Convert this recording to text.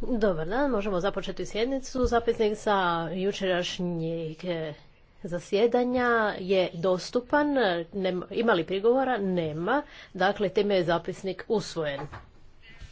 Dobar dan, možemo započeti sjednicu. Zapisnik sa jučerašnjeg e, zasjedanja je dostupan. ima li prigovora? Nema. Dakle, time je zapisnik usvojen.